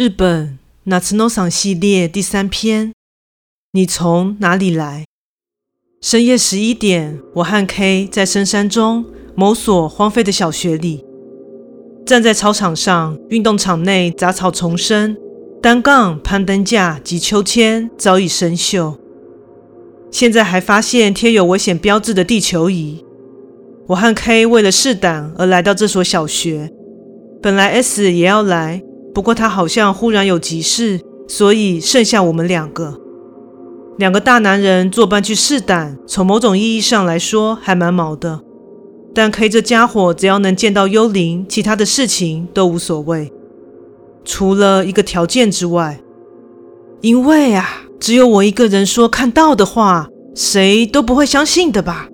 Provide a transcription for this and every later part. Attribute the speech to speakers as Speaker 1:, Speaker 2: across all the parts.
Speaker 1: 日本なつのさん系列第三篇，你從哪裡來？深夜十一點，我和 K 在深山中某所荒廢的小學裡，站在操場上，運動場內雜草叢生，單槓、攀登架及秋千早已生鏽。現在還發現貼有危險標誌的地球儀。我和 K 為了試膽而來到這所小學，本來 S 也要來。不過他好像忽然有急事，所以剩下我們兩個，兩個大男人作伴去試膽。從某種意義上來說，還蠻毛的。但 K 這家伙只要能見到幽靈，其他的事情都無所謂，除了一個條件之外。因為啊，只有我一個人說看到的話，誰都不會相信的吧？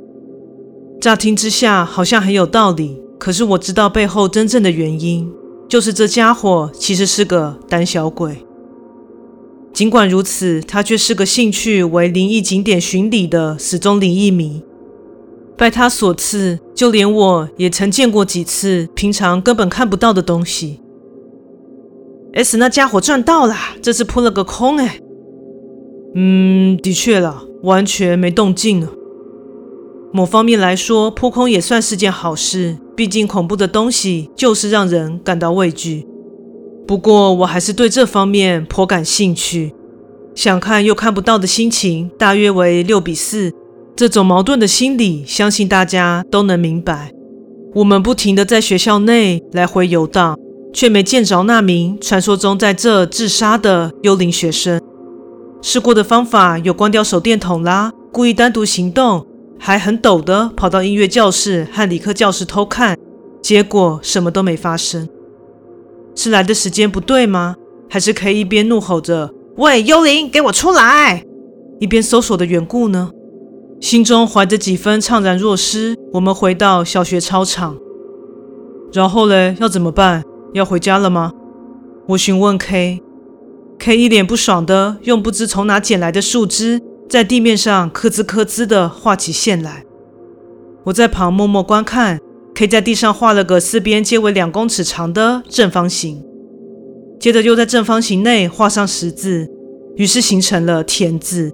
Speaker 1: 乍聽之下好像很有道理，可是我知道背後真正的原因。就是這家伙，其實是個膽小鬼。儘管如此，他卻是個興趣為靈異景點巡禮的死忠靈異迷。拜他所賜，就連我也曾見過幾次平常根本看不到的東西。S, S 那家伙賺到啦，這次撲了個空哎。嗯，的確啦，完全沒動靜了、啊。某方面來說，撲空也算是件好事。畢竟恐怖的東西就是讓人感到畏懼。不過我還是對這方面頗感興趣，想看又看不到的心情大約為六比四。這種矛盾的心理，相信大家都能明白。我們不停地在學校內來回遊蕩，卻沒見着那名傳說中在這自殺的幽靈學生。試過的方法有關掉手電筒啦，故意單獨行動。還很抖地跑到音樂教室和理科教室偷看，結果什麼都沒發生。是來的時間不對嗎？還是 K 一邊怒吼着“喂，幽靈，給我出來”，一邊搜索的緣故呢？心中懷着幾分悵然若失，我們回到小學操場。然後嘞，要怎麼辦？要回家了嗎？我詢問 K。K 一臉不爽的用不知從哪撿來的樹枝。在地面上咯吱咯吱地畫起線來，我在旁默默觀看。K 在地上畫了個四邊皆為兩公尺長的正方形，接着又在正方形內畫上十字，於是形成了田字。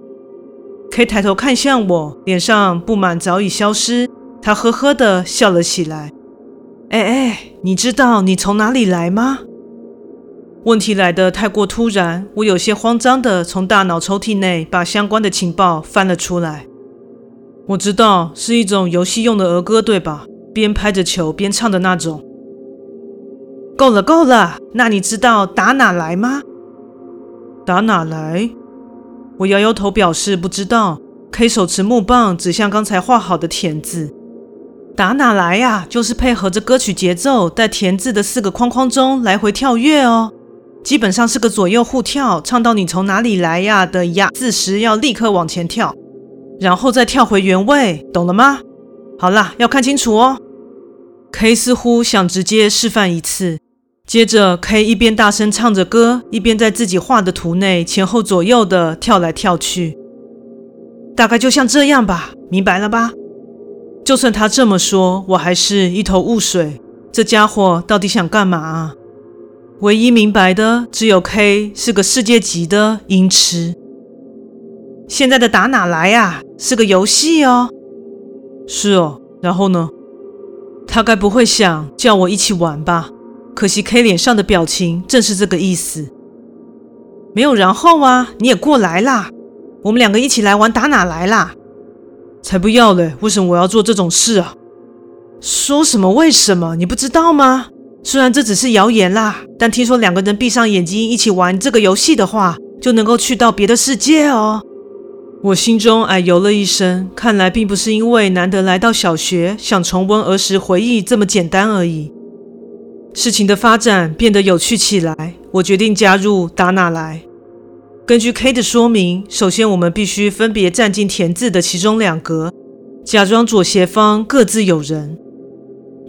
Speaker 1: K 抬頭看向我，臉上不滿早已消失，他呵呵地笑了起來。哎哎，你知道你從哪裡來嗎？問題來得太過突然，我有些慌張地從大腦抽屜內把相關的情報翻了出來。我知道是一種遊戲用的兒歌，對吧？邊拍着球邊唱的那種。夠了，夠了。那你知道打哪來嗎？打哪來？我搖搖頭，表示不知道。K 手持木棒指向剛才畫好的田字。打哪來呀、啊？就是配合着歌曲節奏，在田字的四個框框中來回跳躍哦。基本上是個左右互跳，唱到你從哪裡來呀的呀字時要立刻往前跳，然後再跳回原位，懂了嗎？好啦，要看清楚哦。K 似乎想直接示範一次，接着 K 一邊大聲唱着歌，一邊在自己畫的圖內前後左右的跳來跳去，大概就像這樣吧，明白了吧？就算他這麼說，我還是一頭霧水，這家伙到底想幹嘛啊？唯一明白的只有 K 是個世界級的音痴。現在的打哪來啊？是個遊戲哦。是哦，然後呢？他該不會想叫我一起玩吧？可惜 K 臉上的表情正是這個意思。沒有然後啊？你也過來啦？我們兩個一起來玩打哪來啦？才不要嘞，為什麼我要做這種事啊？說什麼為什麼？你不知道嗎？雖然這只是謠言啦，但聽說兩個人閉上眼睛一起玩這個遊戲的話，就能夠去到別的世界哦。我心中哎呦了一聲，看來並不是因為難得來到小學，想重溫兒時回憶這麼簡單而已。事情的發展變得有趣起來，我決定加入打哪來。根據 K 的說明，首先我們必須分別站進田字的其中兩格，假裝左斜方各自有人。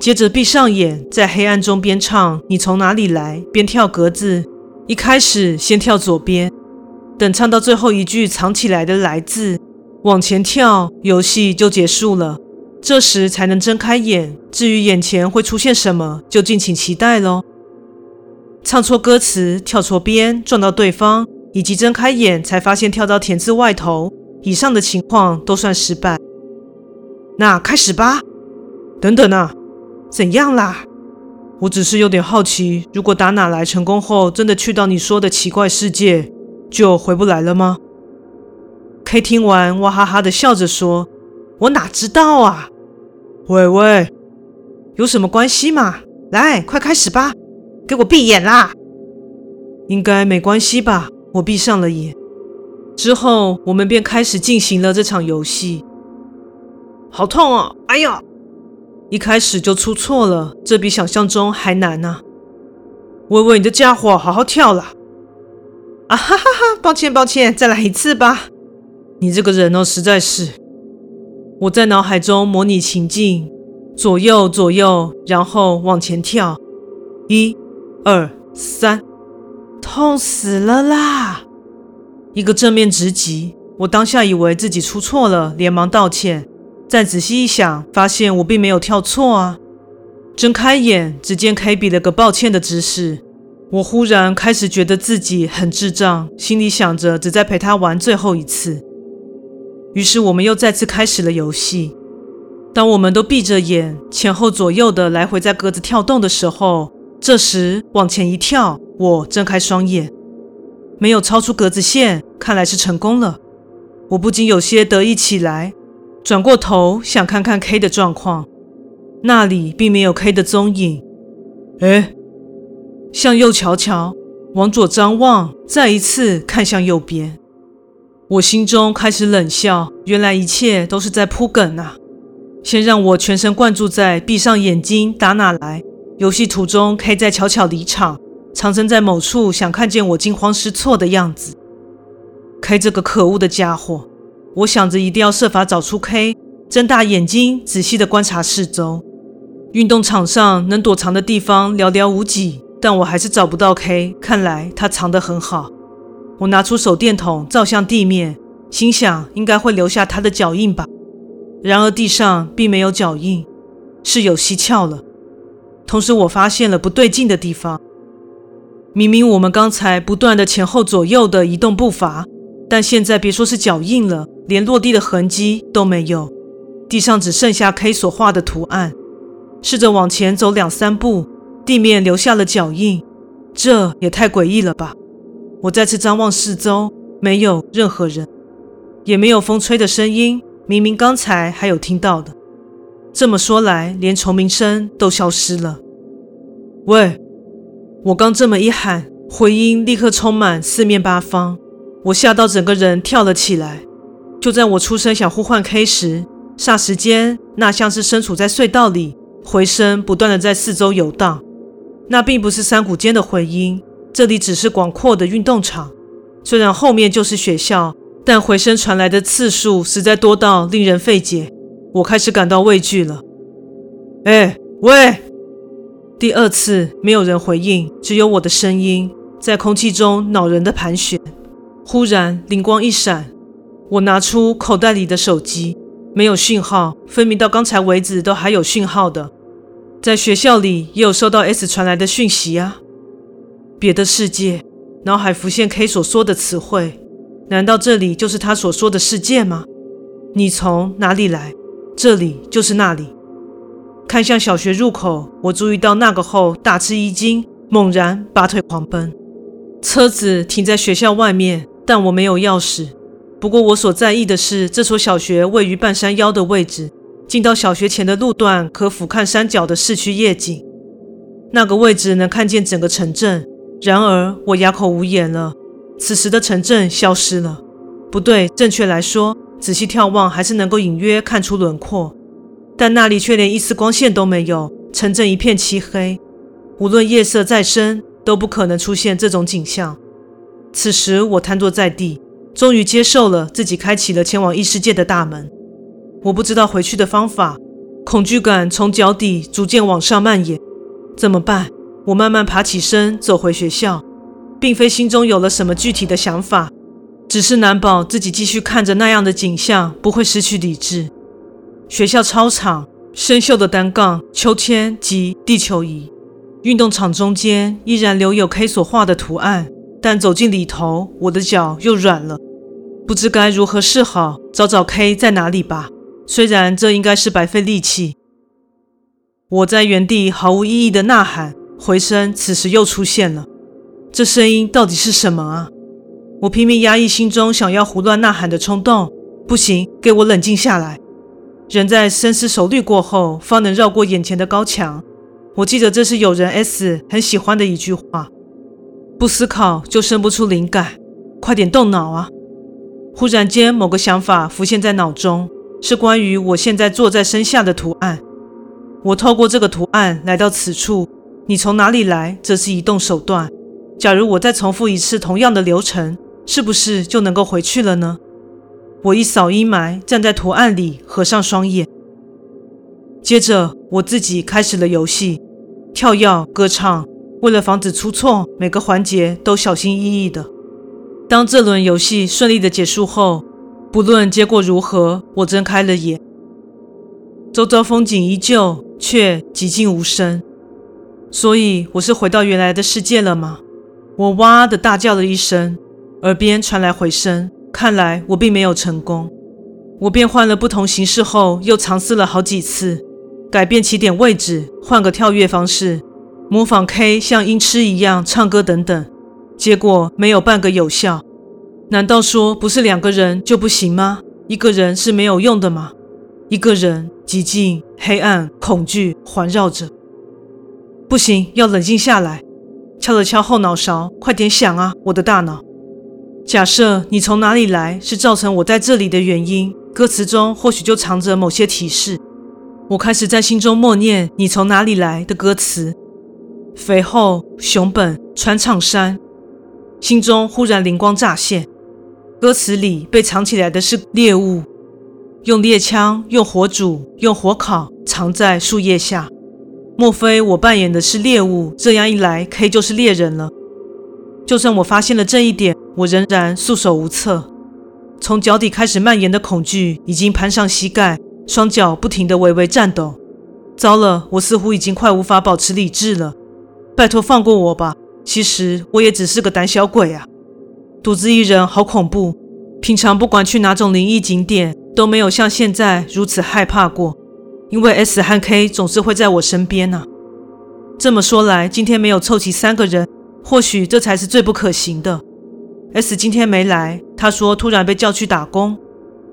Speaker 1: 接着閉上眼，在黑暗中邊唱“你從哪裡來”，邊跳格子。一開始先跳左邊，等唱到最後一句“藏起來的來字”，往前跳，遊戲就結束了。這時才能睜開眼。至於眼前會出現什麼，就敬請期待嘍。唱錯歌詞、跳錯邊、撞到對方，以及睜開眼才發現跳到田字外頭，以上的情況都算失敗。那開始吧。等等啊！怎樣啦？我只是有點好奇，如果打哪來成功後，真的去到你說的奇怪世界，就回不來了嗎？K 聽完，哇哈哈的笑着說：“我哪知道啊！喂喂，有什麼關係嗎？來，快開始吧！給我閉眼啦！”應該沒關係吧？我閉上了眼，之後我們便開始進行了這場遊戲。好痛哦！哎呦！一開始就出錯了，這比想象中還難呢啊。喂喂，你的傢伙好好跳啦！啊哈哈哈哈！抱歉，抱歉，再來一次吧。你這個人哦，實在是……我在腦海中模擬情境，左右，左右，然後往前跳，一、二、三，痛死了啦！一個正面直擊，我當下以為自己出錯了，連忙道歉。再仔細一想，發現我並沒有跳錯啊！睜開眼，只見凱比了個抱歉的姿勢。我忽然開始覺得自己很智障，心裡想着只在陪他玩最後一次。於是我們又再次開始了遊戲。當我們都閉着眼，前後左右的來回在格子跳動的時候，這時往前一跳，我睜開雙眼，沒有超出格子線，看來是成功了。我不禁有些得意起來。轉過頭想看看 K 的狀況，那裡並沒有 K 的蹤影。哎，向右瞧瞧，往左張望，再一次看向右邊，我心中開始冷笑。原來一切都是在鋪梗啊！先讓我全神貫注，在閉上眼睛打哪來。遊戲途中，K 在悄悄離場，藏身在某處想看見我驚慌失措的樣子。K 這個可惡的家伙！我想着一定要設法找出 K，睜大眼睛仔細地觀察四周。運動場上能躲藏的地方寥寥無幾，但我還是找不到 K。看來他藏得很好。我拿出手電筒照向地面，心想應該會留下他的腳印吧。然而地上並沒有腳印，是有蹊蹺了。同時，我發現了不對勁的地方。明明我們剛才不斷的前後左右的移動步伐。但現在別說是腳印了，連落地的痕跡都沒有，地上只剩下 K 所畫的圖案。試着往前走兩三步，地面留下了腳印，這也太詭異了吧！我再次張望四周，沒有任何人，也沒有風吹的聲音，明明剛才還有聽到的。這麼說來，連蟲鳴聲都消失了。喂！我剛這麼一喊，回音立刻充滿四面八方。我嚇到整個人跳了起來。就在我出聲想呼喚 K 時，霎時間，那像是身處在隧道裡，回聲不斷地在四周遊蕩。那並不是山谷間的回音，這裡只是廣闊的運動場。雖然後面就是學校，但回聲傳來的次數實在多到令人費解。我開始感到畏懼了。哎，喂！第二次沒有人回應，只有我的聲音在空氣中惱人的盤旋。忽然靈光一閃，我拿出口袋裡的手機，沒有訊號，分明到剛才為止都還有訊號的，在學校裡也有收到 S 傳來的訊息啊！別的世界，腦海浮現 K 所說的詞彙，難道這裡就是他所說的世界嗎？你從哪裡來？這裡就是那裡。看向小學入口，我注意到那個後大吃一驚，猛然拔腿狂奔。車子停在學校外面。但我沒有鑰匙。不過我所在意的是，這所小學位於半山腰的位置，進到小學前的路段可俯瞰山腳的市區夜景。那個位置能看見整個城鎮。然而我啞口無言了。此時的城鎮消失了。不對，正確來說，仔細眺望還是能夠隱約看出輪廓，但那裡卻連一絲光線都沒有，城鎮一片漆黑。無論夜色再深，都不可能出現這種景象。此時我癱坐在地，終於接受了自己開啟了前往異世界的大門。我不知道回去的方法，恐懼感從腳底逐漸往上蔓延。怎麼辦？我慢慢爬起身，走回學校，並非心中有了什麼具體的想法，只是難保自己繼續看着那樣的景象不會失去理智。學校操場，生鏽的單槓、秋千及地球儀，運動場中間依然留有 K 所畫的圖案。但走進裡頭，我的腳又軟了，不知該如何是好。找找 K 在哪裡吧，雖然這應該是白費力氣。我在原地毫無意義的吶喊，回聲此時又出現了。這聲音到底是什麼啊？我拼命壓抑心中想要胡亂吶喊的衝動。不行，給我冷靜下來。人在深思熟慮過後，方能繞過眼前的高牆。我記得這是友人 S 很喜歡的一句話。不思考，就生不出靈感，快點動腦啊！忽然間，某個想法浮現在腦中，是關於我現在坐在身下的圖案。我透過這個圖案來到此處，你從哪裡來？這是移動手段。假如我再重複一次同樣的流程，是不是就能夠回去了呢？我一掃陰霾，站在圖案裡，合上雙眼，接着我自己開始了遊戲，跳躍、歌唱。為了防止出錯，每個環節都小心翼翼的。當這輪遊戲順利的結束後，不論結果如何，我睜開了眼，周遭風景依舊，卻寂靜無聲。所以我是回到原來的世界了嗎？我哇的大叫了一聲，耳邊傳來回聲，看來我並沒有成功。我變換了不同形式後，又嘗試了好幾次，改變起點位置，換個跳躍方式。模仿 K 像音痴一樣唱歌等等，結果沒有半個有效。難道說不是兩個人就不行嗎？一個人是沒有用的嗎？一個人，寂靜、黑暗恐懼環繞着，不行，要冷靜下來。敲了敲後腦勺，快點想啊，我的大腦。假設你從哪裡來是造成我在這裡的原因，歌詞中或許就藏着某些提示。我開始在心中默念“你從哪裡來”的歌詞。肥後熊本穿長衫，心中忽然靈光乍現，歌詞裡被藏起來的是獵物，用獵槍，用火煮，用火烤，藏在樹葉下。莫非我扮演的是獵物？這樣一來，K 就是獵人了。就算我發現了這一點，我仍然束手無策。從腳底開始蔓延的恐懼已經攀上膝蓋，雙腳不停地微微顫抖。糟了，我似乎已經快無法保持理智了。拜託放過我吧！其實我也只是個膽小鬼啊，獨自一人好恐怖。平常不管去哪種靈異景點，都沒有像現在如此害怕過。因為 S 和 K 總是會在我身邊呢、啊。這麼說來，今天沒有湊齊三個人，或許這才是最不可行的。S 今天沒來，他說突然被叫去打工。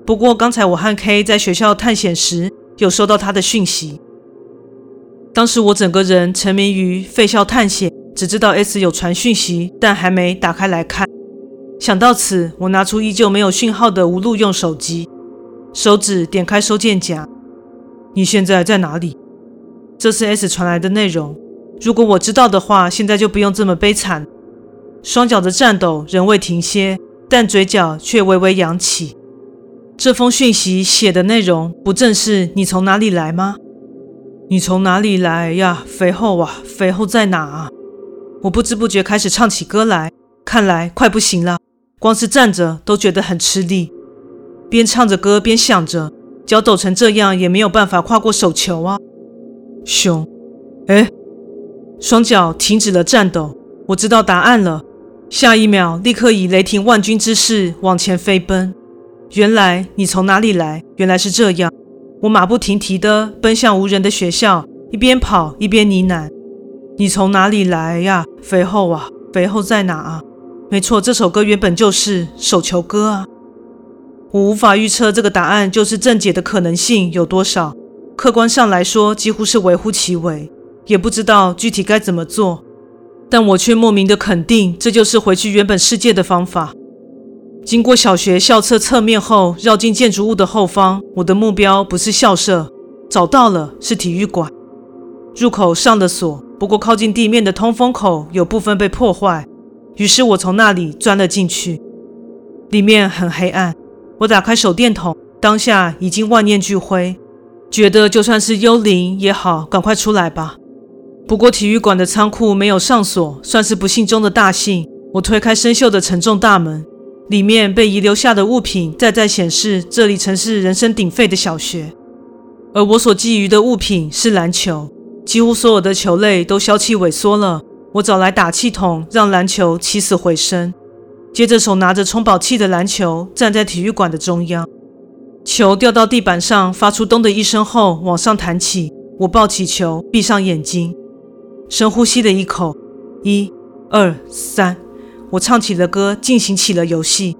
Speaker 1: 不過剛才我和 K 在學校探險時，有收到他的訊息。當時我整個人沉迷於廢校探險，只知道 S 有傳訊息，但還沒打開來看。想到此，我拿出依舊沒有訊號的無路用手機，手指點開收件夾。你現在在哪裡？這是 S 傳來的內容。如果我知道的話，現在就不用這麼悲慘。雙腳的顫抖仍未停歇，但嘴角卻微微揚起。這封訊息寫的內容，不正是你從哪裡來嗎？你從哪裡來呀，肥後啊？肥後在哪啊？我不知不覺開始唱起歌來，看來快不行了，光是站着都覺得很吃力。邊唱着歌邊想着，腳抖成這樣也沒有辦法跨過手球啊。熊，哎，雙腳停止了顫抖，我知道答案了。下一秒，立刻以雷霆萬鈞之勢往前飛奔。原來你從哪裡來？原來是這樣。我馬不停蹄地奔向無人的學校，一邊跑一邊呢喃：“你從哪裡來呀，肥後啊？肥後在哪啊？”沒錯，這首歌原本就是手球歌啊。我無法預測這個答案就是正解的可能性有多少，客觀上來說幾乎是微乎其微。也不知道具體該怎麼做，但我卻莫名的肯定，這就是回去原本世界的方法。經過小學校舍側面後，繞進建築物的後方。我的目標不是校舍，找到了是體育館。入口上了鎖，不過靠近地面的通風口有部分被破壞，於是我從那裡鑽了進去。裡面很黑暗，我打開手電筒。當下已經萬念俱灰，覺得就算是幽靈也好，趕快出來吧。不過體育館的倉庫沒有上鎖，算是不幸中的大幸。我推開生鏽的沉重大門。裡面被遺留下的物品，在在顯示這裡曾是人聲鼎沸的小學。而我所覬覦的物品是籃球，幾乎所有的球類都消氣萎縮了。我找來打氣筒，讓籃球起死回生。接着手拿着充飽氣的籃球，站在體育館的中央，球掉到地板上，發出咚的一聲後往上彈起。我抱起球，閉上眼睛，深呼吸了一口，一、二、三。我唱起了歌，進行起了遊戲。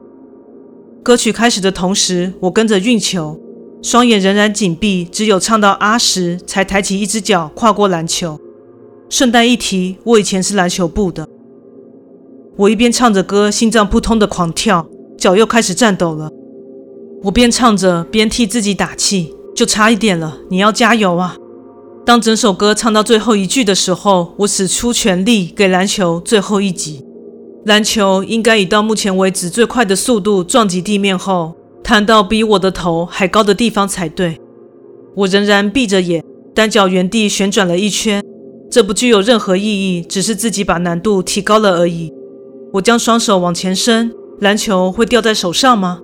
Speaker 1: 歌曲開始的同時，我跟着運球，雙眼仍然緊閉，只有唱到“啊”時才抬起一只腳跨過籃球。順帶一提，我以前是籃球部的。我一邊唱着歌，心臟撲通地狂跳，腳又開始顫抖了。我邊唱着邊替自己打氣：“就差一點了，你要加油啊！”當整首歌唱到最後一句的時候，我使出全力給籃球最後一擊。籃球應該以到目前為止最快的速度撞擊地面後，彈到比我的頭還高的地方才對。我仍然閉着眼，單腳原地旋轉了一圈，這不具有任何意義，只是自己把難度提高了而已。我將雙手往前伸，籃球會掉在手上嗎？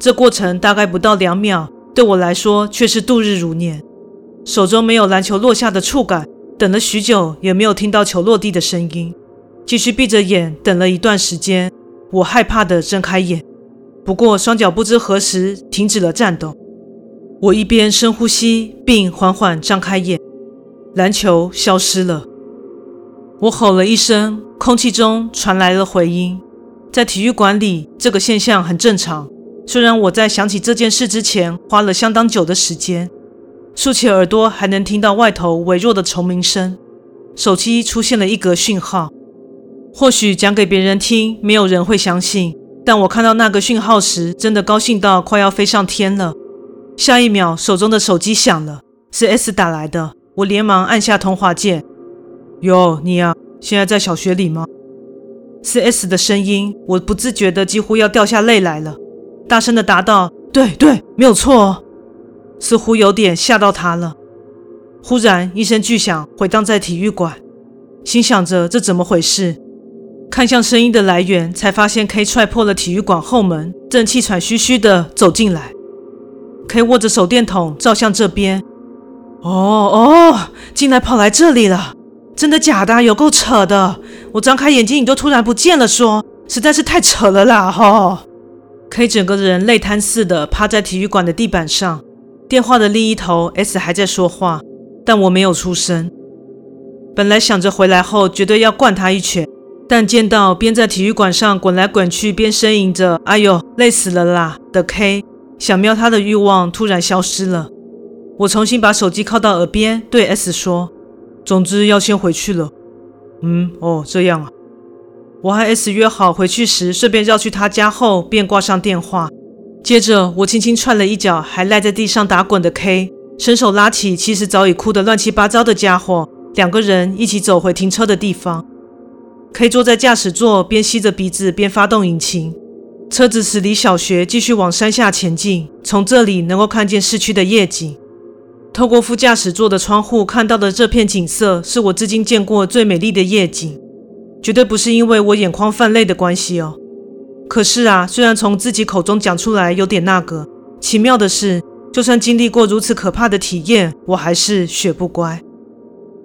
Speaker 1: 這過程大概不到兩秒，對我來說卻是度日如年。手中沒有籃球落下的觸感，等了許久也沒有聽到球落地的聲音。繼續閉着眼等了一段時間，我害怕地睜開眼，不過雙腳不知何時停止了顫抖。我一邊深呼吸，並緩緩張開眼，籃球消失了。我吼了一聲，空氣中傳來了回音。在體育館裡，這個現象很正常。雖然我在想起這件事之前花了相當久的時間，豎起耳朵還能聽到外頭微弱的蟲鳴聲。手機出現了一格訊號。或許講給別人聽，沒有人會相信。但我看到那個訊號時，真的高興到快要飛上天了。下一秒，手中的手機響了，是 S 打來的。我連忙按下通話鍵。喲，你啊，現在在小學裡嗎？是 S 的聲音，我不自覺的幾乎要掉下淚來了，大聲的答道：“對對，沒有錯哦。”似乎有點嚇到他了。忽然一聲巨響回盪在體育館，心想着這怎麼回事？看向聲音的來源，才發現 K 踹破了體育館後門，正氣喘吁吁地走進來。K 握着手電筒照向這邊，哦哦，竟然跑來這裡了，真的假的？有夠扯的！我張開眼睛，你都突然不見了說，說實在是太扯了啦！吼，K 整個人累癱似的趴在體育館的地板上。電話的另一頭 S 還在說話，但我沒有出聲。本來想着回來後絕對要灌他一拳。但見到邊在體育館上滾來滾去，邊呻吟着“哎呦，累死了啦”的 K，想瞄他的欲望突然消失了。我重新把手機靠到耳邊，對 S 說：“總之要先回去了。”嗯，哦，這樣啊。我和 S 約好回去時順便繞去他家後，後便掛上電話。接着我輕輕踹了一腳還賴在地上打滾的 K，伸手拉起其實早已哭得亂七八糟的家伙，兩個人一起走回停車的地方。可以坐在駕駛座，邊吸着鼻子邊發動引擎。車子駛離小學，繼續往山下前進。從這裡能夠看見市區的夜景。透過副駕駛座的窗戶看到的這片景色，是我至今見過最美麗的夜景。絕對不是因為我眼眶泛淚的關係哦。可是啊，雖然從自己口中講出來有點那個，奇妙的是，就算經歷過如此可怕的體驗，我還是學不乖。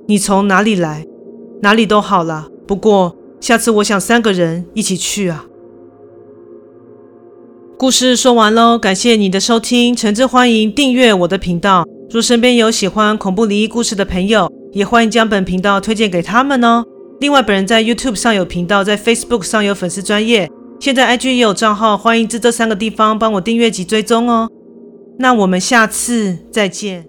Speaker 1: 你從哪裡來？哪裡都好了。不過下次我想三個人一起去啊。故事說完嘍，感謝你的收聽，誠摯歡迎訂閱我的頻道。若身邊有喜歡恐怖靈異故事的朋友，也歡迎將本頻道推薦給他們哦。另外，本人在 YouTube 上有頻道，在 Facebook 上有粉絲專頁，現在 IG 也有賬號，歡迎至這三個地方幫我訂閱及追蹤哦。那我們下次再見。